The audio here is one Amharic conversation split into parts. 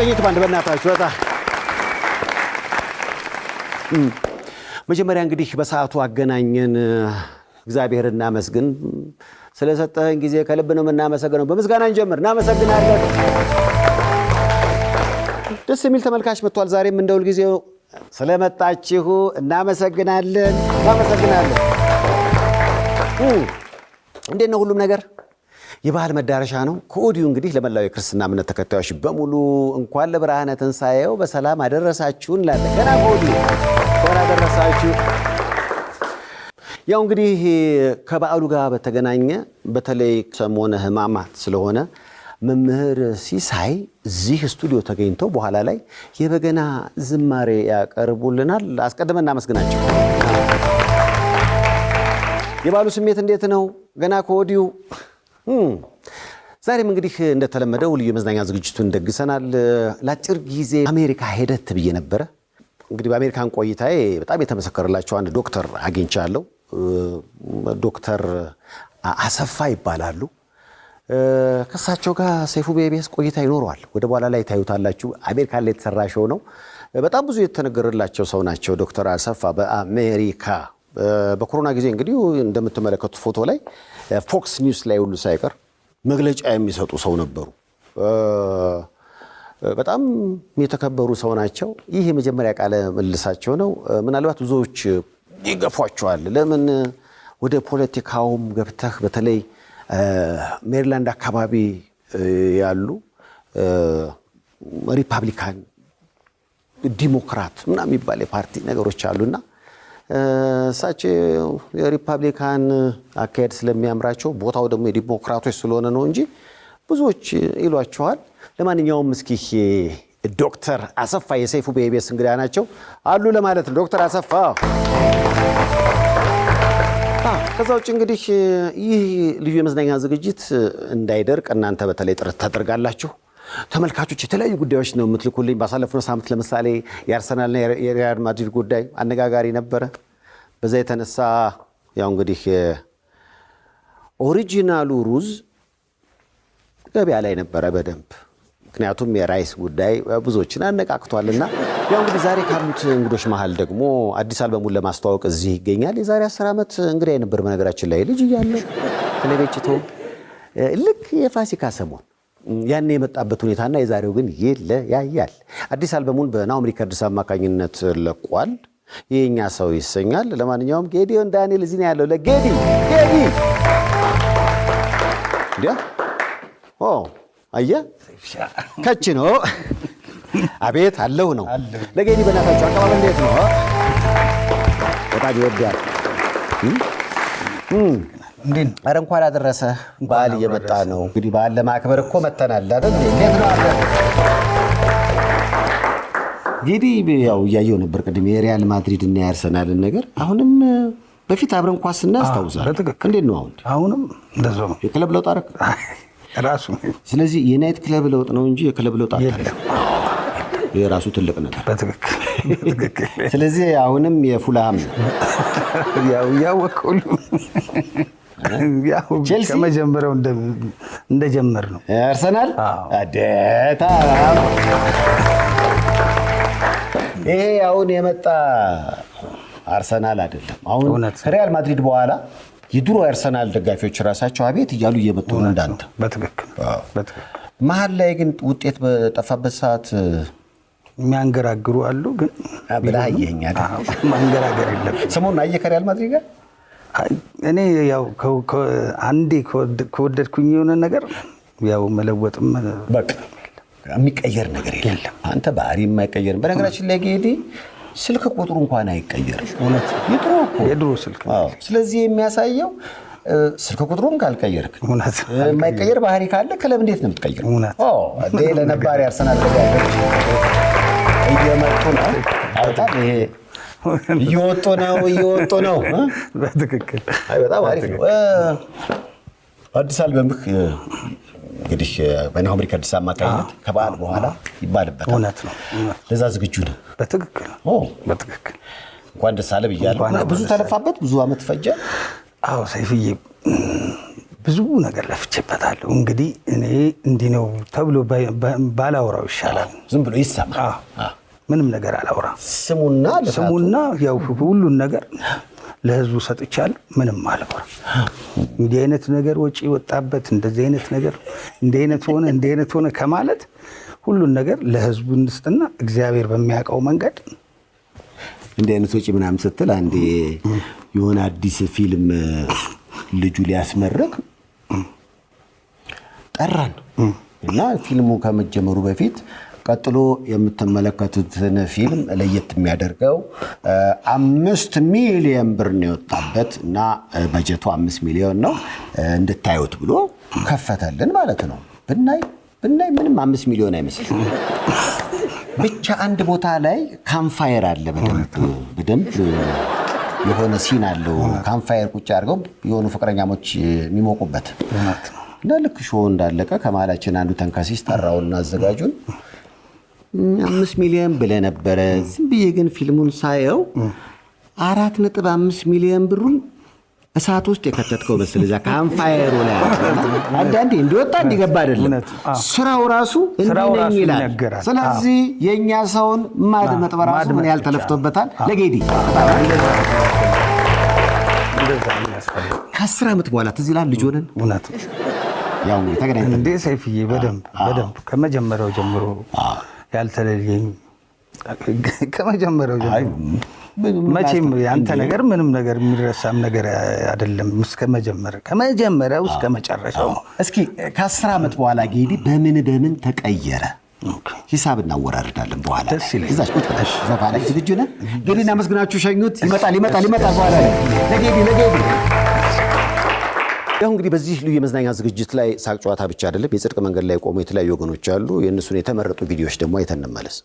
አትቀኝት ባንድ በእናታችሁ በጣ መጀመሪያ እንግዲህ በሰዓቱ አገናኘን። እግዚአብሔር እናመስግን። ስለሰጠህን ጊዜ ከልብ ነው የምናመሰግነው። በምስጋና እንጀምር። እናመሰግናለን። ደስ የሚል ተመልካች መጥቷል። ዛሬም እንደውል ጊዜ ስለመጣችሁ እናመሰግናለን። እናመሰግናለን። እንዴት ነው ሁሉም ነገር? የባህል መዳረሻ ነው። ከወዲሁ እንግዲህ ለመላው የክርስትና እምነት ተከታዮች በሙሉ እንኳን ለብርሃነ ትንሣኤው በሰላም አደረሳችሁ እንላለን። ገና ከወዲሁ እንኳን አደረሳችሁ። ያው እንግዲህ ከበዓሉ ጋር በተገናኘ በተለይ ሰሞነ ሕማማት ስለሆነ መምህር ሲሳይ እዚህ ስቱዲዮ ተገኝተው በኋላ ላይ የበገና ዝማሬ ያቀርቡልናል። አስቀድመን እናመስግናቸው። የበዓሉ ስሜት እንዴት ነው? ገና ከወዲሁ ዛሬም እንግዲህ እንደተለመደው ልዩ የመዝናኛ ዝግጅቱን ደግሰናል። ለአጭር ጊዜ አሜሪካ ሄደት ብዬ ነበረ። እንግዲህ በአሜሪካን ቆይታዬ በጣም የተመሰከረላቸው አንድ ዶክተር አግኝቻለሁ። ዶክተር አሰፋ ይባላሉ። ከእሳቸው ጋር ሰይፉ ቤቤስ ቆይታ ይኖረዋል። ወደ በኋላ ላይ ታዩታላችሁ። አሜሪካን ላይ የተሰራ ሾው ነው። በጣም ብዙ የተነገረላቸው ሰው ናቸው ዶክተር አሰፋ በአሜሪካ በኮሮና ጊዜ እንግዲህ እንደምትመለከቱት ፎቶ ላይ ፎክስ ኒውስ ላይ ሁሉ ሳይቀር መግለጫ የሚሰጡ ሰው ነበሩ። በጣም የተከበሩ ሰው ናቸው። ይህ የመጀመሪያ ቃለ ምልሳቸው ነው። ምናልባት ብዙዎች ይገፏቸዋል። ለምን ወደ ፖለቲካውም ገብተህ በተለይ ሜሪላንድ አካባቢ ያሉ ሪፐብሊካን፣ ዲሞክራት ምናምን የሚባል የፓርቲ ነገሮች አሉና እሳቸው የሪፐብሊካን አካሄድ ስለሚያምራቸው ቦታው ደግሞ የዲሞክራቶች ስለሆነ ነው እንጂ ብዙዎች ይሏቸዋል። ለማንኛውም እስኪ ዶክተር አሰፋ የሰይፉ በኢቢኤስ እንግዳ ናቸው አሉ ለማለት ነው። ዶክተር አሰፋ ከዛ ውጭ እንግዲህ ይህ ልዩ የመዝናኛ ዝግጅት እንዳይደርቅ እናንተ በተለይ ጥረት ታደርጋላችሁ። ተመልካቾች የተለያዩ ጉዳዮች ነው የምትልኩልኝ። ባሳለፍነው ሳምንት ለምሳሌ የአርሰናልና የሪያል ማድሪድ ጉዳይ አነጋጋሪ ነበረ። በዛ የተነሳ ያው እንግዲህ ኦሪጂናሉ ሩዝ ገበያ ላይ ነበረ በደንብ ምክንያቱም የራይስ ጉዳይ ብዙዎችን አነቃቅቷል እና ያው እንግዲህ ዛሬ ካሉት እንግዶች መሀል ደግሞ አዲስ አልበሙን ለማስተዋወቅ እዚህ ይገኛል። የዛሬ አስር ዓመት እንግዳ የነበር በነገራችን ላይ ልጅ እያለ ቴሌቤችቶ ልክ የፋሲካ ሰሞን ያኔ የመጣበት ሁኔታና የዛሬው ግን የለ ያያል። አዲስ አልበሙን በናኦም ሪከርድስ አማካኝነት ለቋል። የኛ ሰው ይሰኛል። ለማንኛውም ጌዲዮን ዳንኤል እዚህ ነው ያለው። ለጌዲ ጌዲ እንዲያ አየ ከች ነው አቤት አለው ነው። ለጌዲ በእናታችሁ አቀባበል እንዴት ነው? በጣም ይወዳል። እንዴት ነው? ኧረ እንኳን አደረሰ። በዓል እየመጣ ነው እንግዲህ በዓል ለማክበር እኮ መተናል አይደል? እንዴት ነው አለ እንግዲህ ያው እያየው ነበር ቅድም የሪያል ማድሪድ እና የአርሰናልን ነገር አሁንም በፊት አብረን ኳስ እናያስታውሳል። እንዴት ነው አሁን አሁንም እንደዛ ነው። የክለብ ለውጥ አረክ ራሱ ስለዚህ የናይት ክለብ ለውጥ ነው እንጂ የክለብ ለውጥ አታለም። የራሱ ትልቅ ነገር። ስለዚህ አሁንም የፉልሃም ነው ያው እያወቀው ከመጀመሪያው እንደጀመር ነው። አርሰናል አዴታ ይሄ አሁን የመጣ አርሰናል አይደለም። አሁን ሪያል ማድሪድ በኋላ የድሮ አርሰናል ደጋፊዎች ራሳቸው አቤት እያሉ እየመጡ ነው። እንዳንተ በትክክል መሀል ላይ ግን ውጤት በጠፋበት ሰዓት የሚያንገራግሩ አሉ። ግን ብላ አየኸኝ ማንገራገር የለም። ሰሞኑን አየህ ከሪያል ማድሪድ ጋር እኔ ያው አንዴ ከወደድኩኝ የሆነ ነገር ያው መለወጥም በቃ የሚቀየር ነገር የለም። አንተ ባህሪ የማይቀየርም። በነገራችን ላይ ጌዲ ስልክ ቁጥሩ እንኳን አይቀየርም። የድሮ የድሮ ስልክ። ስለዚህ የሚያሳየው ስልክ ቁጥሩን ካልቀየርክ የማይቀየር ባህሪ ካለ ክለብ እንዴት ነው የምትቀይር? ለነባሪ አርሰናል እየመጡ ነው። ይሄ እየወጡ ነው እየወጡ ነው። በትክክል በጣም አሪፍ ነው። አዲስ አልበምህ እንግዲህ በናሆም ሪከርድስ አማካኝነት ከበዓል በኋላ ይባልበታል። እውነት ነው። ለዛ ዝግጁ ነው። በትክክል በትክክል እንኳን ደስ አለ ብያለሁ። ብዙ ተለፋበት፣ ብዙ ዓመት ፈጀ። አዎ ሰይፍዬ ብዙ ነገር ለፍቼበታለሁ። እንግዲህ እኔ እንዲህ ነው ተብሎ ባላወራው ይሻላል፣ ዝም ብሎ ይሰማ ምንም ነገር አላውራ። ስሙና ስሙና ያው ሁሉን ነገር ለህዝቡ ሰጥቻል። ምንም አላውራ። እንዲህ አይነት ነገር ወጪ ወጣበት፣ እንደዚህ አይነት ነገር እንዲህ አይነት ሆነ፣ እንዲህ አይነት ሆነ ከማለት ሁሉን ነገር ለህዝቡ እንስጥና እግዚአብሔር በሚያውቀው መንገድ እንዲህ አይነት ወጪ ምናምን ስትል አንዴ የሆነ አዲስ ፊልም ልጁ ሊያስመርቅ ጠራን እና ፊልሙ ከመጀመሩ በፊት ቀጥሎ የምትመለከቱትን ፊልም ለየት የሚያደርገው አምስት ሚሊዮን ብር ነው የወጣበት እና በጀቱ አምስት ሚሊዮን ነው እንድታዩት ብሎ ከፈተልን ማለት ነው። ብናይ ብናይ ምንም አምስት ሚሊዮን አይመስልም። ብቻ አንድ ቦታ ላይ ካምፋየር አለ በደንብ በደንብ የሆነ ሲን አለው። ካምፋየር ቁጭ አድርገው የሆኑ ፍቅረኛሞች የሚሞቁበት እና ልክ ሾ እንዳለቀ ከመሀላችን አንዱ ተንካሲስ ጠራውና አዘጋጁን አምስት ሚሊዮን ብለህ ነበረ። ዝም ብዬ ግን ፊልሙን ሳየው አራት ነጥብ አምስት ሚሊዮን ብሩን እሳት ውስጥ የከተትከው መስል በስለዛ ከአንፋየሩ ላይ አንዳንዴ እንዲወጣ እንዲገባ አይደለም ስራው ራሱ እንዲነኝ ይላል። ስለዚህ የእኛ ሰውን ማድመጥ በራሱ ምን ያህል ተለፍቶበታል። ለጌዲ ከአስር ዓመት በኋላ ትዝ ይልሃል ልጅ ሆነን ያው ተገናኝተን እንደ ሰይፍዬ በደንብ በደንብ ከመጀመሪያው ጀምሮ ያልተለየኝ ከመጀመሪያው መቼም ያንተ ነገር ምንም ነገር የሚረሳም ነገር አይደለም። እስከ መጀመር ከመጀመሪያው እስከ መጨረሻው። እስኪ ከአስር ዓመት በኋላ ጌዲ በምን በምን ተቀየረ? ሂሳብ እናወራርዳለን በኋላ። እዛች ቁጭ ብለሽ ዝግጁ ነህ? ጌዲ እናመስግናችሁ ሸኙት። ይመጣል ይመጣል ይመጣል በኋላ ለጌዲ ለጌዲ ያው እንግዲህ በዚህ ልዩ የመዝናኛ ዝግጅት ላይ ሳቅ ጨዋታ ብቻ አይደለም። የጽድቅ መንገድ ላይ የቆሙ የተለያዩ ወገኖች አሉ። የእነሱን የተመረጡ ቪዲዮዎች ደግሞ አይተን እንመለስ።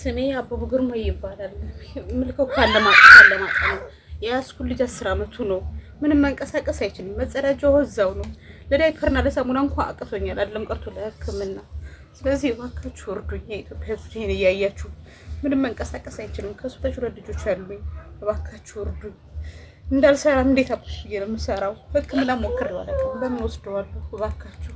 ስሜ አበቡ ግርማ ይባላል። ምልከው ካለማቃለማቃ ነው። የያዝኩት ልጅ አስር አመቱ ነው። ምንም መንቀሳቀስ አይችልም። መጸዳጃው እዛው ነው። ለዳይፐርና ለሳሙና እንኳ አቅቶኛል፣ አይደለም ቀርቶ ለሕክምና። ስለዚህ እባካችሁ እርዱኝ። የኢትዮጵያ ሕዝብ ይህን እያያችሁ ምንም መንቀሳቀስ አይችልም። ከሱ ተችሎ ልጆች አሉኝ። እባካችሁ እርዱኝ። እንዳልሰራ እንዴት አብሽ ብዬ ነው የምሰራው? ሕክምና ሞክሬው አላውቅም። ለምን ወስደዋለሁ? እባካችሁ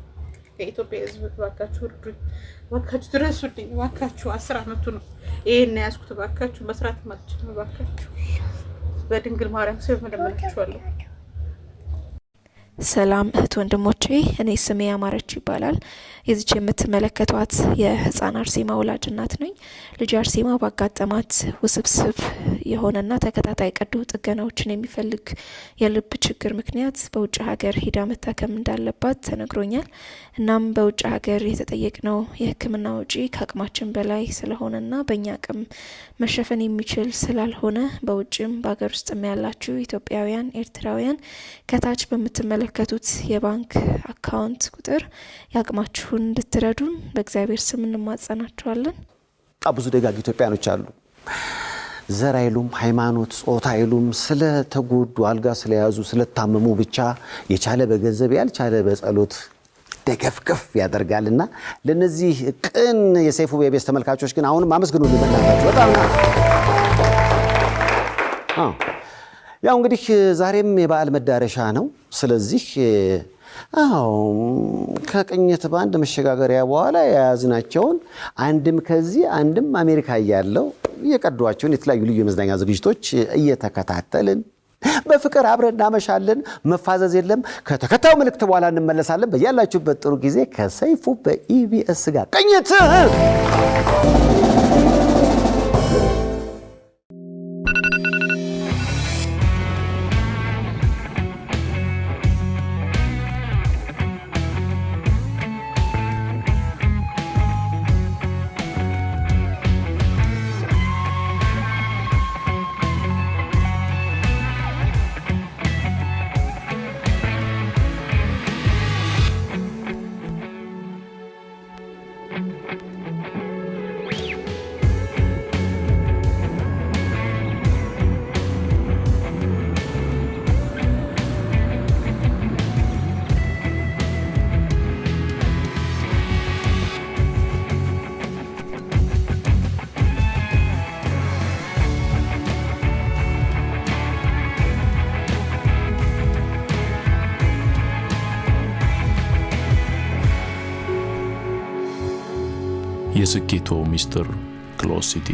የኢትዮጵያ ሕዝብ እባካችሁ እርዱኝ፣ እባካችሁ ድረሱልኝ፣ እባካችሁ አስር አመቱ ነው ይሄን ያዝኩት፣ እባካችሁ መስራት ማልችል፣ እባካችሁ በድንግል ማርያም ስብ እንደምላችኋለሁ። ሰላም እህት ወንድሞቼ፣ እኔ ስሜ አማረች ይባላል። የዚች የምትመለከቷት የህፃን አርሴማ ወላጅ እናት ነኝ። ልጅ አርሴማ ባጋጠማት ውስብስብ የሆነና ተከታታይ ቀዶ ጥገናዎችን የሚፈልግ የልብ ችግር ምክንያት በውጭ ሀገር ሂዳ መታከም እንዳለባት ተነግሮኛል። እናም በውጭ ሀገር የተጠየቅነው የህክምና ወጪ ከአቅማችን በላይ ስለሆነና በእኛ አቅም መሸፈን የሚችል ስላልሆነ በውጭም በሀገር ውስጥም ያላችሁ ኢትዮጵያውያን፣ ኤርትራውያን ከታች በምትመለ በምትመለከቱት የባንክ አካውንት ቁጥር የአቅማችሁን እንድትረዱን በእግዚአብሔር ስም እንማጸናችኋለን። ብዙ ደጋግ ኢትዮጵያኖች አሉ። ዘር አይሉም፣ ሃይማኖት፣ ጾታ አይሉም። ስለተጎዱ አልጋ ስለያዙ ስለታመሙ ብቻ የቻለ በገንዘብ ያልቻለ በጸሎት ደገፍገፍ ያደርጋልና ለነዚህ ቅን የሰይፉ ቤቤስ ተመልካቾች ግን አሁንም አመስግኑ ልመናቸው በጣም ያው እንግዲህ ዛሬም የበዓል መዳረሻ ነው። ስለዚህ አዎ ከቅኝት በአንድ መሸጋገሪያ በኋላ የያዝናቸውን አንድም ከዚህ አንድም አሜሪካ እያለው የቀዷቸውን የተለያዩ ልዩ የመዝናኛ ዝግጅቶች እየተከታተልን በፍቅር አብረን እናመሻለን። መፋዘዝ የለም። ከተከታዩ መልእክት በኋላ እንመለሳለን። በያላችሁበት ጥሩ ጊዜ ከሰይፉ በኢቢኤስ ጋር ቅኝት የስኬቶ ሚስጥር ክሎዝ ሲቲ